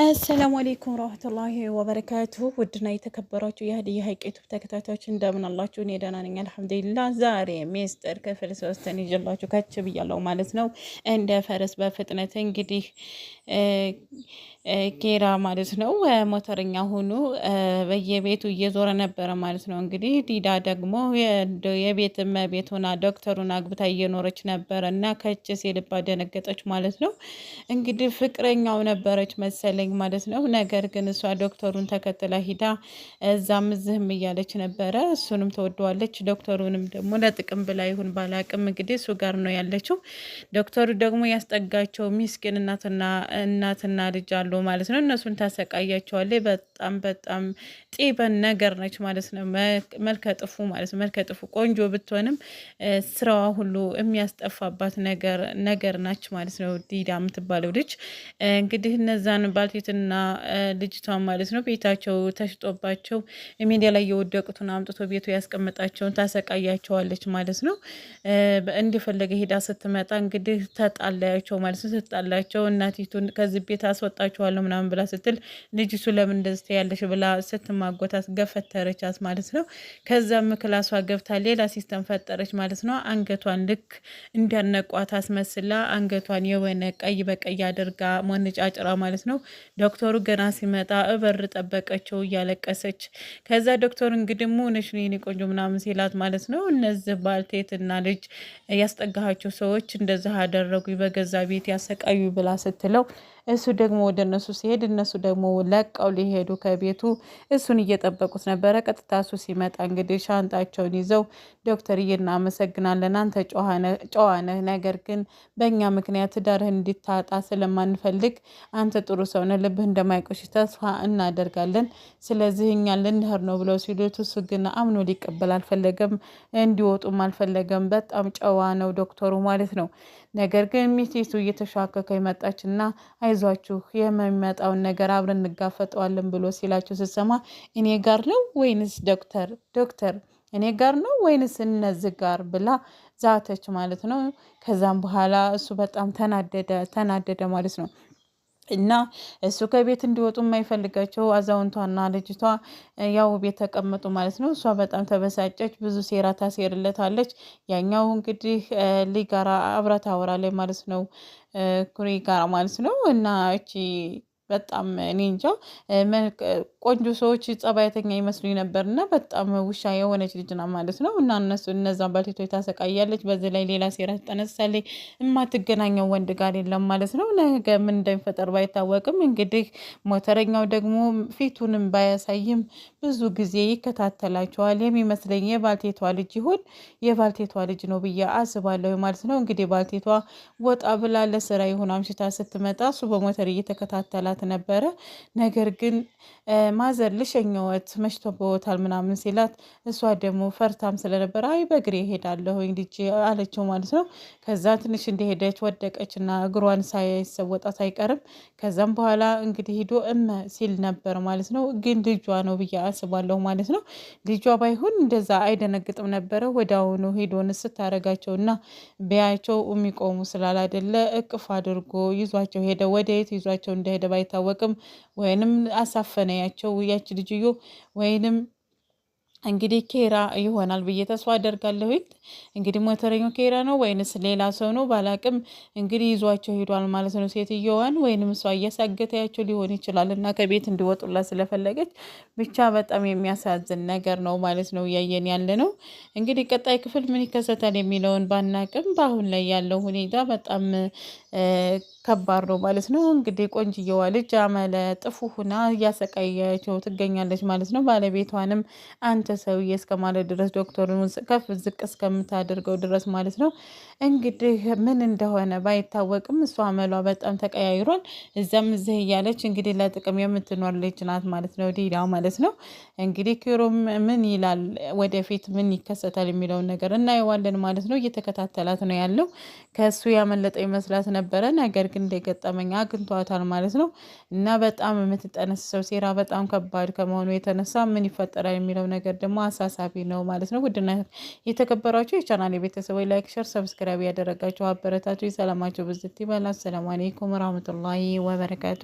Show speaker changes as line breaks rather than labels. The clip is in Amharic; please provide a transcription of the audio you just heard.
አሰላሙ አሌይኩም ረህመቱላሂ ወበረካቱሁ ውድና የተከበራችሁ የሀዲያ ሀይቅ ዩቱብ ተከታታዮች እንደምን አላችሁ? እኔ ደህና ነኝ አልሐምዱሊላህ። ዛሬ ሚስጥር ክፍል ሶስትን ይዤላችሁ ከች ብያለሁ ማለት ነው። እንደ ፈረስ በፍጥነት እንግዲህ ኬራ ማለት ነው ሞተረኛ ሆኖ በየቤቱ እየዞረ ነበረ ማለት ነው። እንግዲህ ዲዳ ደግሞ የቤት እመቤት ሆና ዶክተሩን አግብታ እየኖረች ነበረ እና ከች ሲልባ ደነገጠች ማለት ነው። እንግዲህ ፍቅረኛው ነበረች መሰለኝ መሰለኝ ማለት ነው። ነገር ግን እሷ ዶክተሩን ተከትላ ሂዳ እዛም እዚህም እያለች ነበረ። እሱንም ተወደዋለች፣ ዶክተሩንም ደግሞ ለጥቅም ብላ ይሁን ባላቅም እንግዲህ እሱ ጋር ነው ያለችው። ዶክተሩ ደግሞ ያስጠጋቸው ሚስኪን እናትና እናትና ልጅ አለው ማለት ነው። እነሱን ታሰቃያቸዋለች። በጣም በጣም ጤበን ነገር ነች ማለት ነው። መልከ ጥፉ ማለት መልከ ጥፉ ቆንጆ ብትሆንም ስራዋ ሁሉ የሚያስጠፋባት ነገር ነገር ናች ማለት ነው። ዲዳ የምትባለው ልጅ እንግዲህ እነዛን ባልቴትና ልጅቷን ማለት ነው ቤታቸው ተሽጦባቸው ሚዲያ ላይ የወደቁትን አምጥቶ ቤቱ ያስቀምጣቸውን ታሰቃያቸዋለች ማለት ነው። እንደፈለገ ሄዳ ስትመጣ እንግዲህ ተጣላያቸው ማለት ነው። ስትጣላቸው እናቲቱን ከዚህ ቤት አስወጣቸዋለሁ ምናምን ብላ ስትል ልጅቱ ለምን እንደዚህ ያለሽ ብላ ስትማጎታት ገፈተረቻት ማለት ነው። ከዛም ክላሷ ገብታ ሌላ ሲስተም ፈጠረች ማለት ነው። አንገቷን ልክ እንዳነቋት አስመስላ አንገቷን የሆነ ቀይ በቀይ አድርጋ ሞንጫጭራ ማለት ነው። ዶክተሩ ገና ሲመጣ እበር ጠበቀችው እያለቀሰች። ከዛ ዶክተሩ እንግዲህ ሙነሽ የኔ ቆንጆ ምናምን ሲላት ማለት ነው። እነዚህ ባልቴትና ልጅ ያስጠጋቸው ሰዎች እንደዚህ አደረጉ በገዛ ቤት ያሰቃዩ ብላ ስትለው እሱ ደግሞ ወደ እነሱ ሲሄድ እነሱ ደግሞ ለቀው ሊሄዱ ከቤቱ እሱን እየጠበቁት ነበረ። ቀጥታ እሱ ሲመጣ እንግዲህ ሻንጣቸውን ይዘው ዶክተርዬ እናመሰግናለን፣ አንተ ጨዋነ ነገር ግን በእኛ ምክንያት ትዳርህን እንዲታጣ ስለማንፈልግ አንተ ጥሩ ሰው ልብህ እንደማይቆሽ ተስፋ እናደርጋለን። ስለዚህ እኛ ልንሄድ ነው ብለው ሲሉት እሱ ግን አምኖ ሊቀበል አልፈለገም፣ እንዲወጡም አልፈለገም። በጣም ጨዋ ነው ዶክተሩ ማለት ነው። ነገር ግን ሚስቱ እየተሻከከ የመጣች እና አይዟችሁ የሚመጣውን ነገር አብረን እንጋፈጠዋለን ብሎ ሲላቸው ስሰማ እኔ ጋር ነው ወይንስ ዶክተር ዶክተር እኔ ጋር ነው ወይንስ እነዚህ ጋር ብላ ዛተች ማለት ነው። ከዛም በኋላ እሱ በጣም ተናደደ ተናደደ ማለት ነው። እና እሱ ከቤት እንዲወጡ የማይፈልጋቸው አዛውንቷና ልጅቷ ያው ቤት ተቀመጡ ማለት ነው። እሷ በጣም ተበሳጨች፣ ብዙ ሴራ ታሴርለታለች። ያኛው እንግዲህ ልጅ ጋራ አብራ ታወራለች ማለት ነው፣ ኩሪ ጋራ ማለት ነው እና እቺ በጣም እኔ እንጃ ቆንጆ ሰዎች ጸባይተኛ ይመስሉኝ ነበር እና በጣም ውሻ የሆነች ልጅና ማለት ነው። እና እነሱ እነዛ ባልቴቶ ታሰቃያለች። በዚህ ላይ ሌላ ሴራ ትጠነስሳለች። የማትገናኘው ወንድ ጋር የለም ማለት ነው። ነገ ምን እንደሚፈጠር ባይታወቅም እንግዲህ ሞተረኛው ደግሞ ፊቱንም ባያሳይም ብዙ ጊዜ ይከታተላቸዋል። የሚመስለኝ የባልቴቷ ልጅ ይሁን የባልቴቷ ልጅ ነው ብዬ አስባለሁ ማለት ነው። እንግዲህ ባልቴቷ ወጣ ብላ ለስራ ይሁን አምሽታ ስትመጣ እሱ በሞተር እየተከታተላት ነበረ። ነገር ግን ማዘር ልሸኘወት በወታል ምናምን ሲላት እሷ ደግሞ ፈርታም ስለነበረ አይ በእግሬ እሄዳለሁኝ ልጄ አለችው ማለት ነው። ከዛ ትንሽ እንደሄደች ወደቀች እና እግሯን ሳይሰወጣት አይቀርም። ከዛም በኋላ እንግዲህ ሂዶ እመ ሲል ነበር ማለት ነው። ግን ልጇ ነው ብዬ አስባለሁ ማለት ነው። ልጇ ባይሆን እንደዛ አይደነግጥም ነበረ። ወዲያውኑ ሂዶን ስታረጋቸው እና ቢያቸው የሚቆሙ ስላላደለ እቅፍ አድርጎ ይዟቸው ሄደ። ወደየት ይዟቸው እንደሄደ ባይ አይታወቅም። ወይንም አሳፈነ ያቸው ያች ልጅዮ ወይንም እንግዲህ ኬራ ይሆናል ብዬ ተስፋ አደርጋለሁ። እንግዲህ ሞተረኛው ኬራ ነው ወይንስ ሌላ ሰው ነው ባላቅም፣ እንግዲህ ይዟቸው ሄዷል ማለት ነው ሴትዮዋን፣ ወይንም እሷ እያሳገተያቸው ሊሆን ይችላል እና ከቤት እንዲወጡላት ስለፈለገች ብቻ በጣም የሚያሳዝን ነገር ነው ማለት ነው እያየን ያለ ነው። እንግዲህ ቀጣይ ክፍል ምን ይከሰታል የሚለውን ባናቅም፣ በአሁን ላይ ያለው ሁኔታ በጣም ከባድ ነው ማለት ነው። እንግዲህ ቆንጅየዋ ልጅ አመለ ጥፉ ሁና እያሰቃያቸው ትገኛለች ማለት ነው። ባለቤቷንም አንተ አንተ ሰውዬ እስከማለት ድረስ ዶክተሩን ከፍ ዝቅ እስከምታደርገው ድረስ ማለት ነው። እንግዲህ ምን እንደሆነ ባይታወቅም እሷ አመሏ በጣም ተቀያይሯል። እዚያም እዚህ እያለች እንግዲህ ለጥቅም የምትኖር ልጅ ናት ማለት ነው። ዲዳው ማለት ነው እንግዲህ ኪሩም ምን ይላል ወደፊት ምን ይከሰታል የሚለውን ነገር እናየዋለን ማለት ነው። እየተከታተላት ነው ያለው። ከእሱ ያመለጠ ይመስላት ነበረ፣ ነገር ግን እንደገጠመኝ አግኝቷታል ማለት ነው። እና በጣም የምትጠነስሰው ሴራ በጣም ከባድ ከመሆኑ የተነሳ ምን ይፈጠራል የሚለው ነገር ደግሞ አሳሳቢ ነው ማለት ነው። ውድና የተከበራችሁ የቻናል የቤተሰብ ላይክ፣ ሸር፣ ሰብስክራይብ ያደረጋችሁ አበረታቱ። ሰላማችሁ ብዝት ይበል። አሰላሙ አለይኩም ወራህመቱላሂ ወበረካቱ።